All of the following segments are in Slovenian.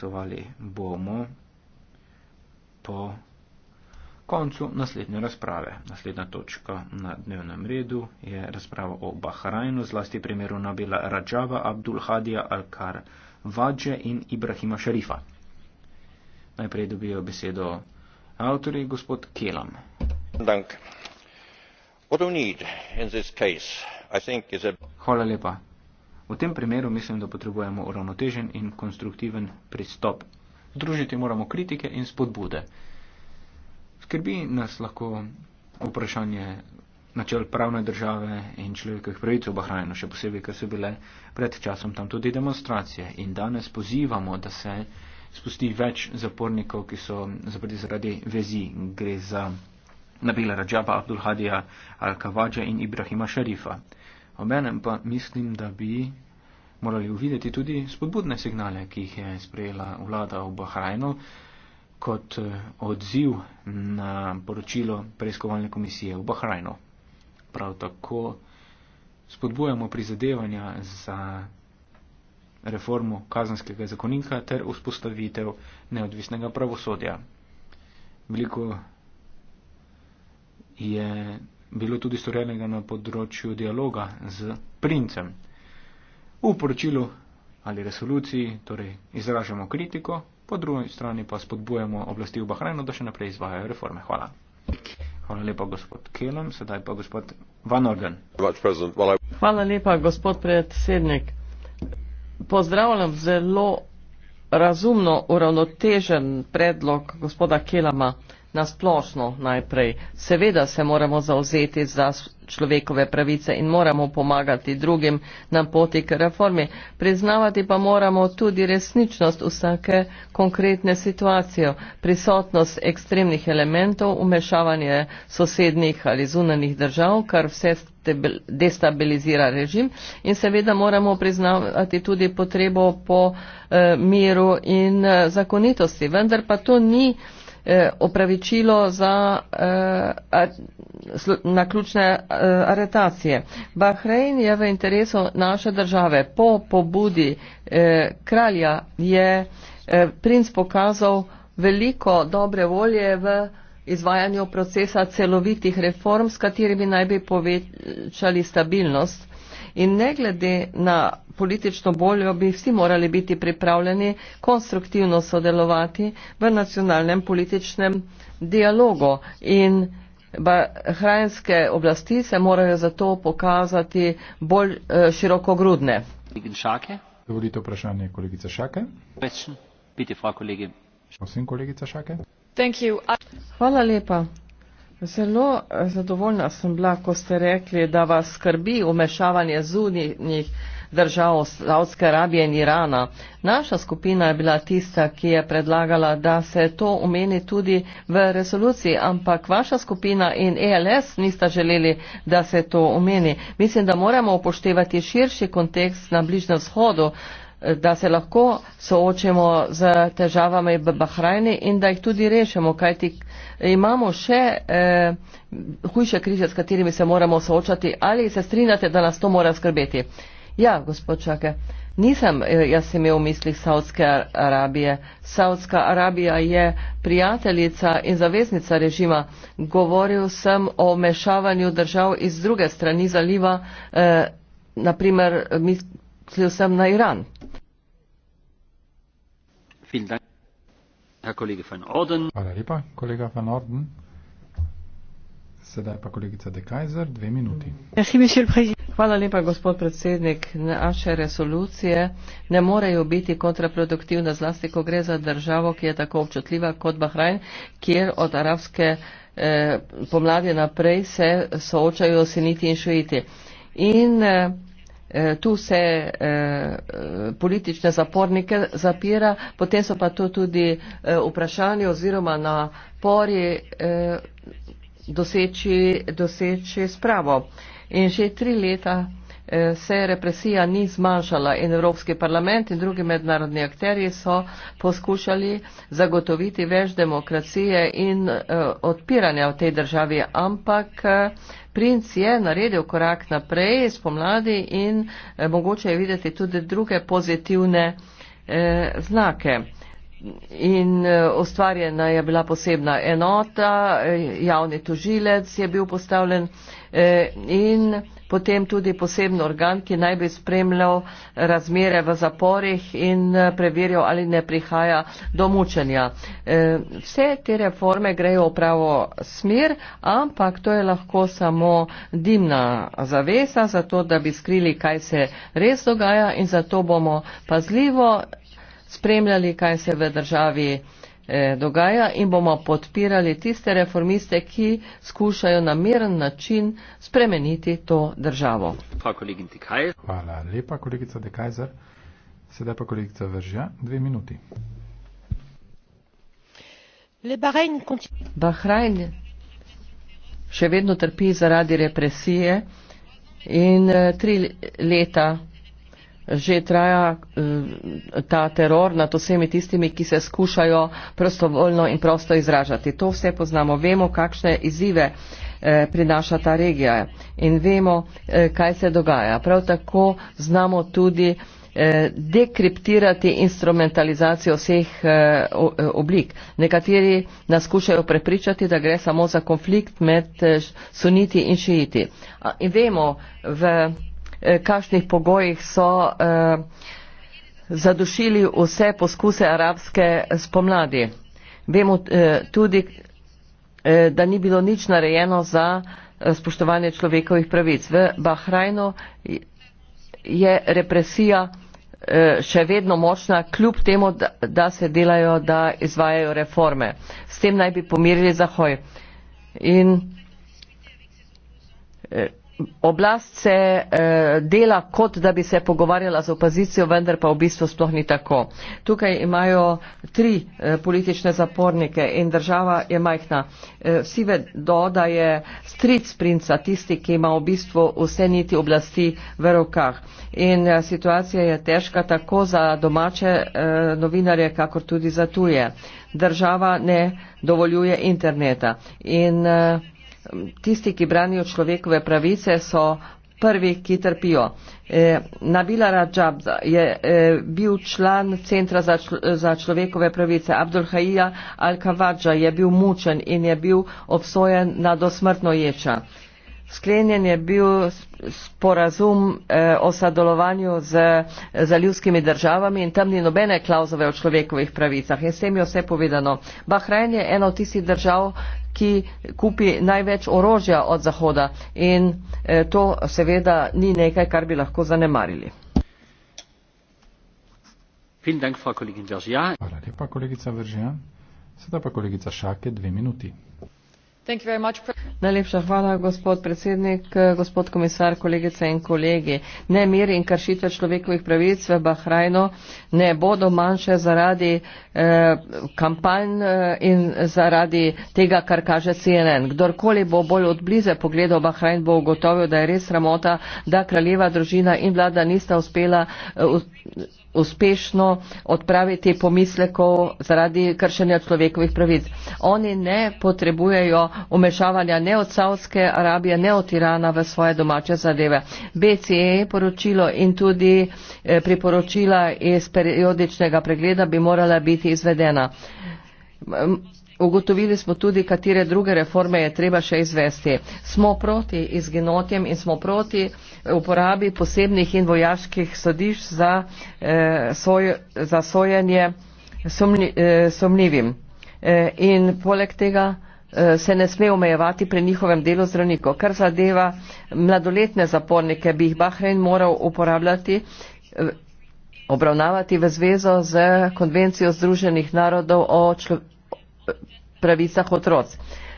glasovali bomo po koncu naslednje razprave. Naslednja točka na dnevnem redu je razprava o Bahrajnu, zlasti primeru Nabila Rajava, Abdul Hadija Alkar Vadže in Ibrahima Šerifa. Najprej dobijo besedo avtori, gospod Kelam. Hvala lepa. V tem primeru mislim, da potrebujemo uravnotežen in konstruktiven pristop. Združiti moramo kritike in spodbude. Skrbi nas lahko vprašanje načel pravne države in človekovih pravic v Bahrajnu, še posebej, ker so bile pred časom tam tudi demonstracije. In danes pozivamo, da se spusti več zapornikov, ki so zaprti zaradi vezi. Gre za Nabila Rajaba, Abdulhadija Al-Kavadža in Ibrahima Šarifa obenem pa mislim, da bi morali uvideti tudi spodbudne signale, ki jih je sprejela vlada v Bahrajnu kot eh, odziv na poročilo preiskovalne komisije v Bahrajnu. Prav tako spodbujamo prizadevanja za reformo kazanskega zakonika ter vzpostavitev neodvisnega pravosodja. Veliko je bilo tudi storjenega na področju dialoga z princem. V poročilu ali resoluciji torej izražamo kritiko, po drugi strani pa spodbujamo oblasti v Bahrajnu, da še naprej izvajajo reforme. Hvala. Hvala lepa, gospod Kelem. Sedaj pa gospod Van Orden. Hvala lepa, gospod predsednik. Pozdravljam zelo razumno uravnotežen predlog gospoda Kelama nasplošno najprej. Seveda se moramo zauzeti za človekove pravice in moramo pomagati drugim na poti k reformi. Priznavati pa moramo tudi resničnost vsake konkretne situacije, prisotnost ekstremnih elementov, umešavanje sosednih ali zunanih držav, kar vse destabilizira režim in seveda moramo priznavati tudi potrebo po eh, miru in eh, zakonitosti. Vendar pa to ni eh, opravičilo za eh, naključne eh, aretacije. Bahrein je v interesu naše države. Po pobudi eh, kralja je eh, princ pokazal veliko dobre volje v izvajanju procesa celovitih reform, s katerimi naj bi povečali stabilnost in ne glede na politično voljo bi vsi morali biti pripravljeni konstruktivno sodelovati v nacionalnem političnem dialogu in bahrajnske oblasti se morajo zato pokazati bolj eh, širokogrudne. Dovolite vprašanje kolegice Šake. Prosim, kolegica Šake. Hvala lepa. Zelo eh, zadovoljna sem bila, ko ste rekli, da vas skrbi umešavanje zunjih držav Saudske Arabije in Irana. Naša skupina je bila tista, ki je predlagala, da se to omeni tudi v resoluciji, ampak vaša skupina in ELS nista želeli, da se to omeni. Mislim, da moramo upoštevati širši kontekst na Bližnem vzhodu da se lahko soočimo z težavami v Bahrajni in da jih tudi rešimo, kajti imamo še eh, hujše krize, s katerimi se moramo soočati. Ali se strinjate, da nas to mora skrbeti? Ja, gospod Čake, nisem eh, jaz imel v mislih Saudske Arabije. Saudska Arabija je prijateljica in zaveznica režima. Govoril sem o mešavanju držav iz druge strani zaliva, eh, naprimer, mislil sem na Iran. Hvala lepa, kolega Van Orden. Sedaj pa kolegica De Kajzer, dve minuti. Hvala lepa, gospod predsednik. Naše resolucije ne morejo biti kontraproduktivne, zlasti ko gre za državo, ki je tako občutljiva kot Bahrajn, kjer od arabske eh, pomladi naprej se soočajo siniti in šuiti. In eh, Eh, tu se eh, politične zapornike zapira, potem so pa tu tudi eh, vprašanje oziroma napori doseči, doseči spravo. In že tri leta se represija ni zmanjšala in Evropski parlament in drugi mednarodni akteri so poskušali zagotoviti več demokracije in odpiranja v tej državi, ampak Princ je naredil korak naprej spomladi in eh, mogoče je videti tudi druge pozitivne eh, znake. In e, ustvarjena je bila posebna enota, e, javni tožilec je bil postavljen e, in potem tudi poseben organ, ki naj bi spremljal razmere v zaporih in preverjal, ali ne prihaja do mučenja. Vse te reforme grejo v pravo smer, ampak to je lahko samo dimna zavesa, zato da bi skrili, kaj se res dogaja in zato bomo pazljivo spremljali, kaj se v državi eh, dogaja in bomo podpirali tiste reformiste, ki skušajo na miren način spremeniti to državo. Hvala lepa, kolegica De Kajzer. Sedaj pa kolegica Vržja, dve minuti. Bahrajn še vedno trpi zaradi represije in eh, tri leta že traja eh, ta teror nad vsemi tistimi, ki se skušajo prostovoljno in prosto izražati. To vse poznamo. Vemo, kakšne izzive eh, prinaša ta regija in vemo, eh, kaj se dogaja. Prav tako znamo tudi dekriptirati instrumentalizacijo vseh oblik. Nekateri nas skušajo prepričati, da gre samo za konflikt med suniti in šijiti. In vemo, Eh, kakšnih pogojih so eh, zadušili vse poskuse arabske spomladi. Vemo eh, tudi, da ni bilo nič narejeno za spoštovanje človekovih pravic. V Bahrajnu je represija še vedno močna, kljub temu, da se delajo, da izvajajo reforme. S tem naj bi pomirili zahoj. In oblast se eh, dela kot da bi se pogovarjala z opozicijo, vendar pa v bistvu sploh ni tako. Tukaj imajo tri eh, politične zapornike in država je majhna. Eh, vsi vedo, da je stric princa tisti, ki ima v bistvu vse niti oblasti v rokah. In eh, situacija je težka tako za domače eh, novinarje, kakor tudi za tuje. Država ne dovoljuje interneta. In, eh, tisti, ki branijo človekove pravice, so prvi, ki trpijo. E, Nabila Rajab je e, bil član Centra za, čl za človekove pravice. Abdul Haija Al-Kavadža je bil mučen in je bil obsojen na dosmrtno ječa sklenjen je bil sporazum eh, o sodelovanju z, z ljudskimi državami in tam ni nobene klauzove o človekovih pravicah. Je s tem jo vse povedano. Bahrajn je ena od tistih držav, ki kupi največ orožja od Zahoda in eh, to seveda ni nekaj, kar bi lahko zanemarili. Hvala lepa, kolegica Veržija. Sedaj pa kolegica Šake, dve minuti. Najlepša hvala, gospod predsednik, gospod komisar, kolegice in kolegi. Ne mir in kršitve človekovih pravic v Bahrajnu ne bodo manjše zaradi eh, kampanj eh, in zaradi tega, kar kaže CNN. Kdorkoli bo bolj odblize pogledal Bahrajn, bo ugotovil, da je res ramota, da kraljeva družina in vlada nista uspela. Eh, uspešno odpraviti pomislekov zaradi kršenja človekovih pravic. Oni ne potrebujejo umešavanja ne od Savske Arabije, ne od Irana v svoje domače zadeve. BCE poročilo in tudi eh, priporočila iz periodičnega pregleda bi morala biti izvedena. Ugotovili smo tudi, katere druge reforme je treba še izvesti. Smo proti izginotjem in smo proti uporabi posebnih in vojaških sodišč za, eh, soj, za sojenje sumni, eh, sumljivim. Eh, in poleg tega se ne sme omejevati pri njihovem delu zdravnikov. Kar zadeva mladoletne zapornike, bi jih Bahrein moral uporabljati, obravnavati v zvezo z konvencijo Združenih narodov o člo, pravicah otroc.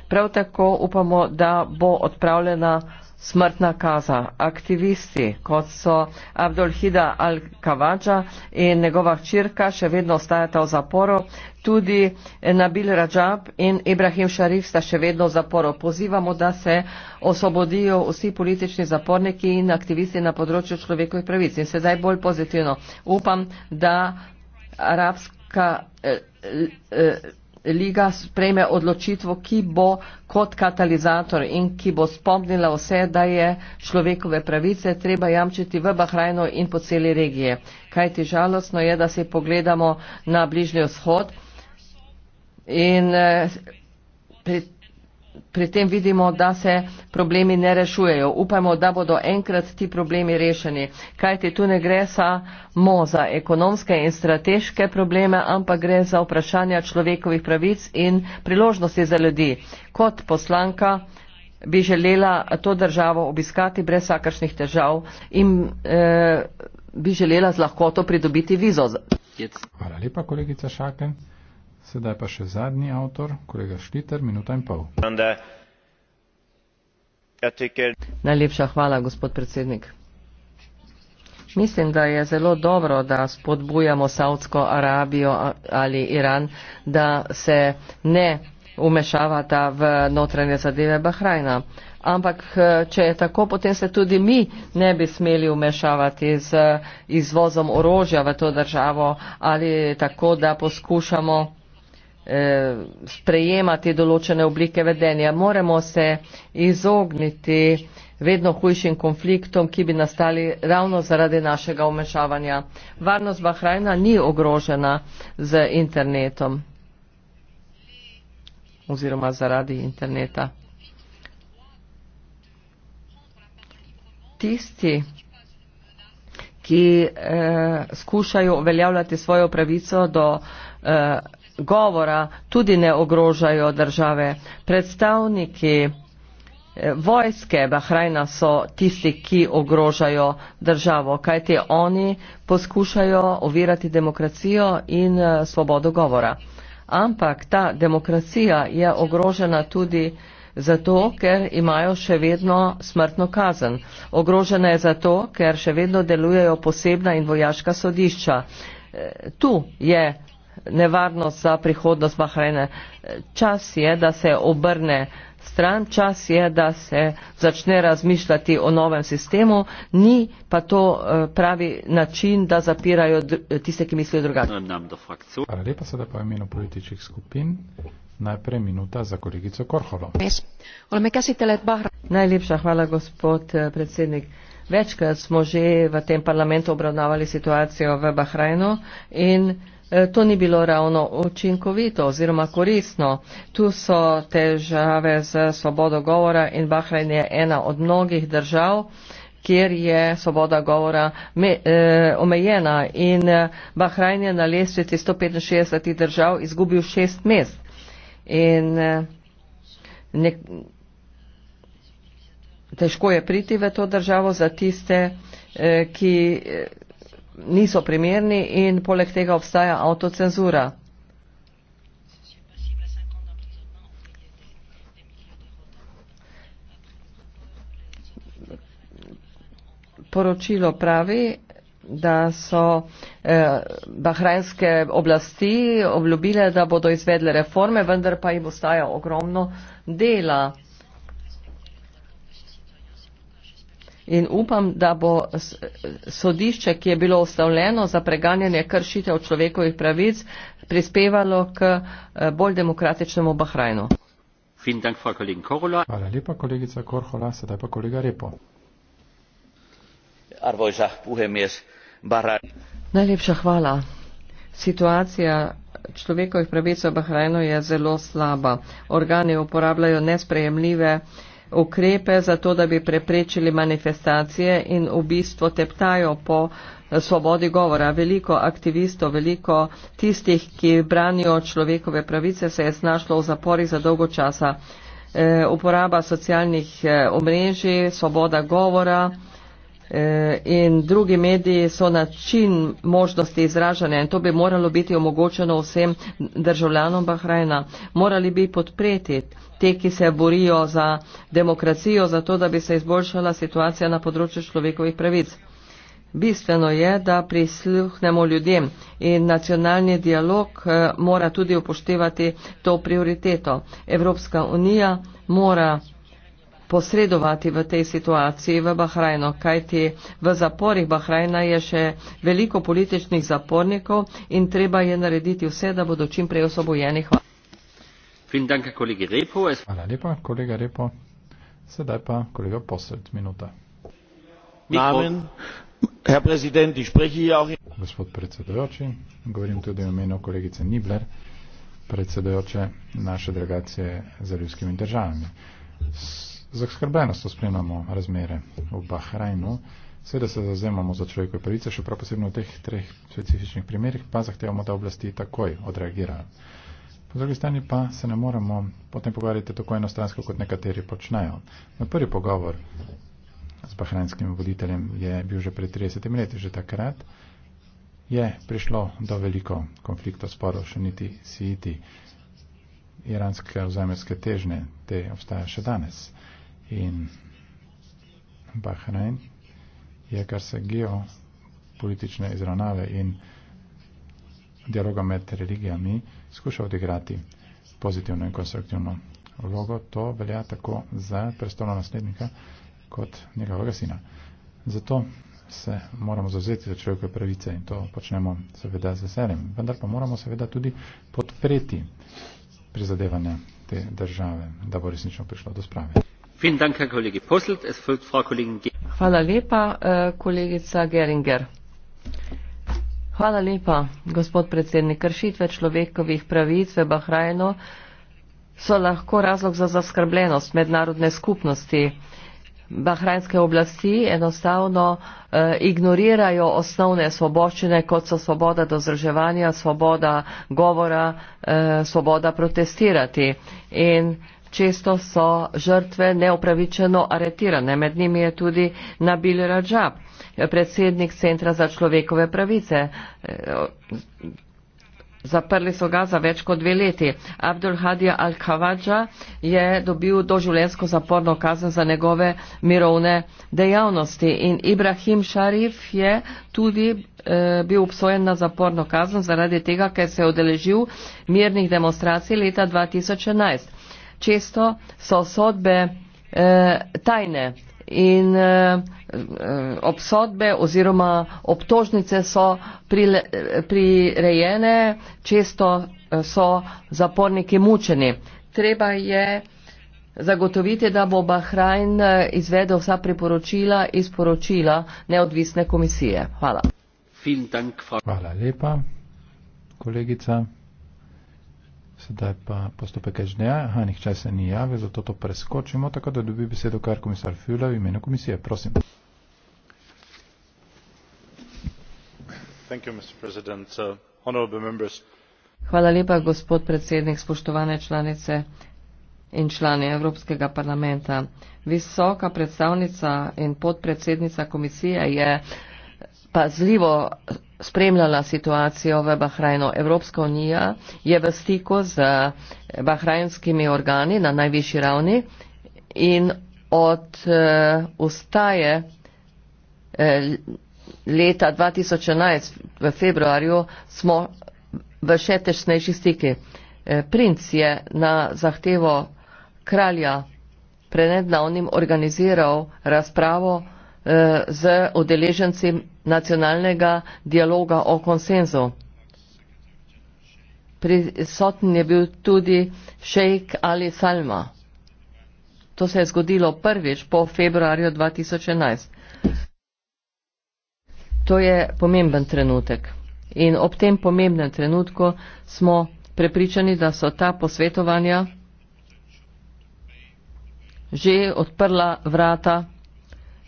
Prav tako upamo, da bo odpravljena smrtna kaza. Aktivisti, kot so Abdulhida Al-Kavadža in njegova hčerka, še vedno ostajata v zaporu. Tudi Nabil Rajab in Ibrahim Šarif sta še vedno v zaporu. Pozivamo, da se osvobodijo vsi politični zaporniki in aktivisti na področju človekovih pravic. In sedaj bolj pozitivno. Upam, da arabska. Eh, eh, Liga sprejme odločitvo, ki bo kot katalizator in ki bo spomnila vse, da je človekove pravice treba jamčiti v Bahrajnu in po celi regiji. Kaj ti žalostno je, da se pogledamo na bližnji vzhod in eh, pri pri tem vidimo, da se problemi ne rešujejo. Upajmo, da bodo enkrat ti problemi rešeni, kajti tu ne gre samo za ekonomske in strateške probleme, ampak gre za vprašanja človekovih pravic in priložnosti za ljudi. Kot poslanka bi želela to državo obiskati brez vsakršnih težav in eh, bi želela z lahkoto pridobiti vizo. Hvala lepa, kolegica Šaken. Sedaj pa še zadnji avtor, kolega Šliter, minuta in pol. Ja, Najlepša hvala, gospod predsednik. Mislim, da je zelo dobro, da spodbujamo Saudsko Arabijo ali Iran, da se ne umešavata v notranje zadeve Bahrajna. Ampak, eh, če je tako, potem se tudi mi ne bi smeli umešavati z izvozom orožja v to državo ali tako, da poskušamo Eh, sprejemati določene oblike vedenja. Moramo se izogniti vedno hujšim konfliktom, ki bi nastali ravno zaradi našega umešavanja. Varnost Bahrajna ni ogrožena z internetom oziroma zaradi interneta. Tisti, ki eh, skušajo uveljavljati svojo pravico do eh, govora tudi ne ogrožajo države. Predstavniki eh, vojske Bahrajna so tisti, ki ogrožajo državo, kajti oni poskušajo ovirati demokracijo in eh, svobodo govora. Ampak ta demokracija je ogrožena tudi zato, ker imajo še vedno smrtno kazen. Ogrožena je zato, ker še vedno delujejo posebna in vojaška sodišča. Eh, tu je nevarnost za prihodnost Bahrajna. Čas je, da se obrne stran, čas je, da se začne razmišljati o novem sistemu, ni pa to eh, pravi način, da zapirajo tiste, ki mislijo drugače. Hvala lepa, sedaj pa imeno političnih skupin. Najprej minuta za kolegico Korholo. Najlepša hvala, gospod eh, predsednik. Večkrat smo že v tem parlamentu obravnavali situacijo v Bahrajnu in Eh, to ni bilo ravno učinkovito oziroma korisno. Tu so težave z svobodo govora in Bahrajn je ena od mnogih držav, kjer je svoboda govora me, eh, omejena in eh, Bahrajn je na lestvici 165 držav izgubil šest mest. In, eh, ne, težko je priti v to državo za tiste, eh, ki. Eh, niso primerni in poleg tega obstaja avtocenzura. Poročilo pravi, da so eh, bahrajnske oblasti obljubile, da bodo izvedle reforme, vendar pa jim ostaja ogromno dela. In upam, da bo sodišče, ki je bilo ustavljeno za preganjanje kršitev človekovih pravic, prispevalo k eh, bolj demokratičnemu Bahrajnu. Hvala lepa, kolegica Korhola. Sedaj pa kolega Repo. Najlepša hvala. Situacija človekovih pravic v Bahrajnu je zelo slaba. Organi uporabljajo nesprejemljive ukrepe za to, da bi preprečili manifestacije in v bistvu teptajo po eh, svobodi govora. Veliko aktivistov, veliko tistih, ki branijo človekove pravice, se je znašlo v zaporih za dolgo časa. E, uporaba socialnih eh, omrežij, svoboda govora. Eh, in drugi mediji so način možnosti izražanja in to bi moralo biti omogočeno vsem državljanom Bahrajna. Morali bi podpreti te, ki se borijo za demokracijo, za to, da bi se izboljšala situacija na področju človekovih pravic. Bistveno je, da prisluhnemo ljudem in nacionalni dialog eh, mora tudi upoštevati to prioriteto. Evropska unija mora posredovati v tej situaciji v Bahrajno, kajti v zaporih Bahrajna je še veliko političnih zapornikov in treba je narediti vse, da bodo čim prej osvobojeni. Hvala. Hvala lepa, kolega Repo. Sedaj pa kolega Posred, minuta. Namen. Herr Präsident, ich spreche hier auch. Gospod predsedujoči, govorim tudi o imenu kolegice Nibler, predsedujoče naše delegacije za ljudskimi državami. S zaskrbljenostjo spremljamo razmere v Bahrajnu. Seveda se zazemamo za človekove pravice, še prav posebno v teh treh specifičnih primerih, pa zahtevamo, da oblasti takoj odreagirajo. Po drugi strani pa se ne moremo potem pogovarjati tako enostransko, kot nekateri počnejo. Na prvi pogovor s bahrajnskim voditeljem je bil že pred 30 leti, že takrat je prišlo do veliko konfliktov, sporov, še niti siiti iranske ozemeljske težne, te obstaja še danes in Bahrein je, kar se geopolitične izravnave in dialoga med religijami skuša odigrati pozitivno in konstruktivno vlogo. To velja tako za prestolno naslednika kot njegovega sina. Zato se moramo zavzeti za človekove pravice in to počnemo seveda z veseljem. Vendar pa moramo seveda tudi podpreti prizadevanja te države, da bo resnično prišlo do sprave. Hvala lepa, eh, kolegica Geringer. Hvala lepa, gospod predsednik. Kršitve človekovih pravic v Bahrajnu so lahko razlog za zaskrbljenost mednarodne skupnosti. Bahrajnske oblasti enostavno eh, ignorirajo osnovne svoboščine, kot so svoboda dozrževanja, svoboda govora, eh, svoboda protestirati. In često so žrtve neopravičeno aretirane. Med njimi je tudi Nabil Rajab, predsednik Centra za človekove pravice. Zaprli so ga za več kot dve leti. Abdul Hadija Al-Khawadža je dobil doživljensko zaporno kazen za njegove mirovne dejavnosti in Ibrahim Šarif je tudi e, bil obsojen na zaporno kazen zaradi tega, ker se je odeležil mirnih demonstracij leta 2011 često so sodbe eh, tajne in eh, eh obsodbe oziroma obtožnice so prile, eh, prirejene, često eh, so zaporniki mučeni. Treba je zagotoviti, da bo Bahrajn izvedel vsa priporočila iz poročila neodvisne komisije. Hvala. Hvala lepa, kolegica. Sedaj pa postopek HDA, aha, nihče se ni javil, zato to preskočimo, tako da dobi besedo kar komisar Fjula v imenu komisije. Prosim. Thank you, Mr. Uh, Hvala lepa, gospod predsednik, spoštovane članice in člani Evropskega parlamenta. Visoka predstavnica in podpredsednica komisije je pazljivo spremljala situacijo v Bahrajnu. Evropska unija je v stiku z bahrajnskimi organi na najvišji ravni in od uh, ustaje uh, leta 2011 v februarju smo v še tešnejši stiki. Uh, princ je na zahtevo kralja prenedavnim organiziral razpravo uh, z udeleženci nacionalnega dialoga o konsenzu. Prisoten je bil tudi šejk Ali Salma. To se je zgodilo prvič po februarju 2011. To je pomemben trenutek. In ob tem pomembnem trenutku smo prepričani, da so ta posvetovanja že odprla vrata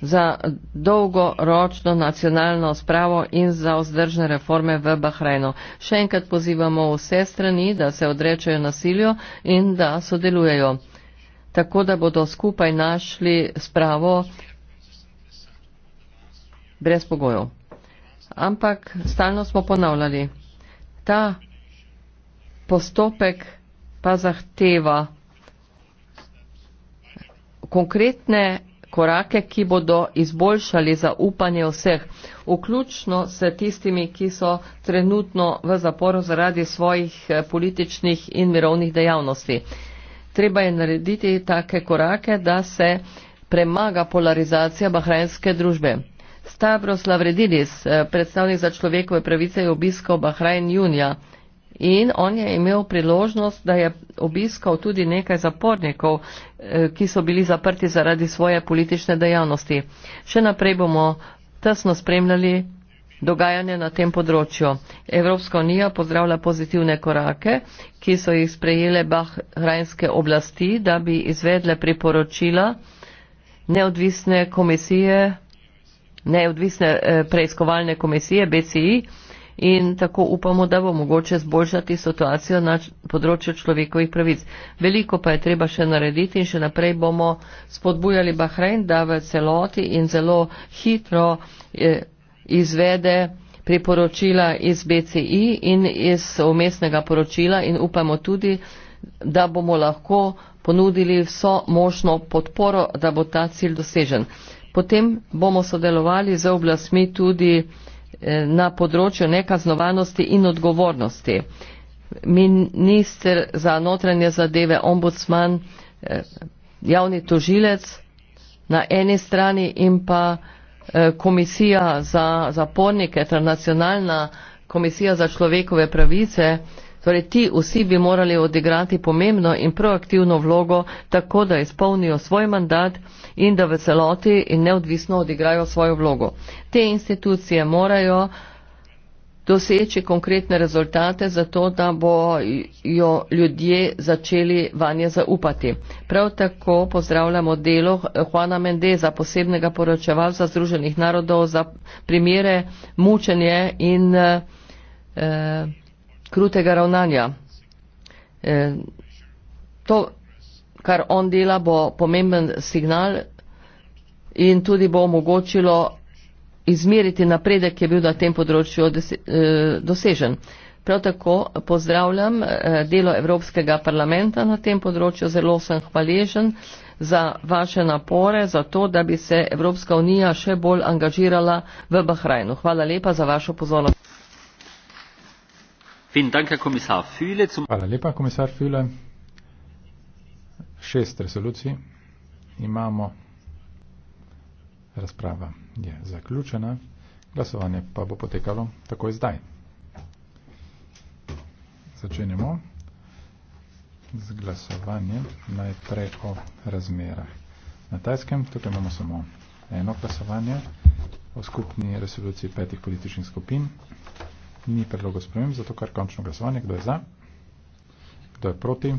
za dolgoročno nacionalno spravo in za vzdržne reforme v Bahrajnu. Še enkrat pozivamo vse strani, da se odrečejo nasilju in da sodelujejo, tako da bodo skupaj našli spravo brez pogojev. Ampak stalno smo ponavljali, ta postopek pa zahteva konkretne korake, ki bodo izboljšali zaupanje vseh, vključno s tistimi, ki so trenutno v zaporu zaradi svojih eh, političnih in mirovnih dejavnosti. Treba je narediti take korake, da se premaga polarizacija bahrajnske družbe. Stavros Lavredidis, eh, predstavnik za človekove pravice, je obiskal Bahrajn junija In on je imel priložnost, da je obiskal tudi nekaj zapornikov, eh, ki so bili zaprti zaradi svoje politične dejavnosti. Še naprej bomo tesno spremljali dogajanje na tem področju. Evropska unija pozdravlja pozitivne korake, ki so jih sprejele bahrajnske oblasti, da bi izvedle priporočila neodvisne komisije, neodvisne eh, preiskovalne komisije BCI in tako upamo, da bo mogoče zboljšati situacijo na področju človekovih pravic. Veliko pa je treba še narediti in še naprej bomo spodbujali Bahrein, da v celoti in zelo hitro eh, izvede priporočila iz BCI in iz umestnega poročila in upamo tudi, da bomo lahko ponudili vso možno podporo, da bo ta cilj dosežen. Potem bomo sodelovali z oblastmi tudi Eh, na področju nekaznovanosti in odgovornosti. Minister za notranje zadeve, ombudsman, eh, javni tožilec na eni strani in pa eh, komisija za zapornike, ter nacionalna komisija za človekove pravice, Torej, ti vsi bi morali odigrati pomembno in proaktivno vlogo, tako da izpolnijo svoj mandat in da v celoti in neodvisno odigrajo svojo vlogo. Te institucije morajo doseči konkretne rezultate, zato da bojo ljudje začeli vanje zaupati. Prav tako pozdravljamo delo Juana Mendeza, posebnega poročevalca Združenih narodov za primere mučenje in eh, krutega ravnanja. E, to, kar on dela, bo pomemben signal in tudi bo omogočilo izmeriti napredek, ki je bil na tem področju e, dosežen. Prav tako pozdravljam e, delo Evropskega parlamenta na tem področju, zelo sem hvaležen za vaše napore, za to, da bi se Evropska unija še bolj angažirala v Bahrajnu. Hvala lepa za vašo pozornost. Hvala lepa, komisar File. Šest resolucij imamo. Razprava je zaključena. Glasovanje pa bo potekalo takoj zdaj. Začenjamo z glasovanjem najprej o razmerah. Na tajskem tukaj imamo samo eno glasovanje o skupni resoluciji petih političnih skupin ni predlogo sprememb, zato kar končno glasovanje, kdo je za, kdo je proti,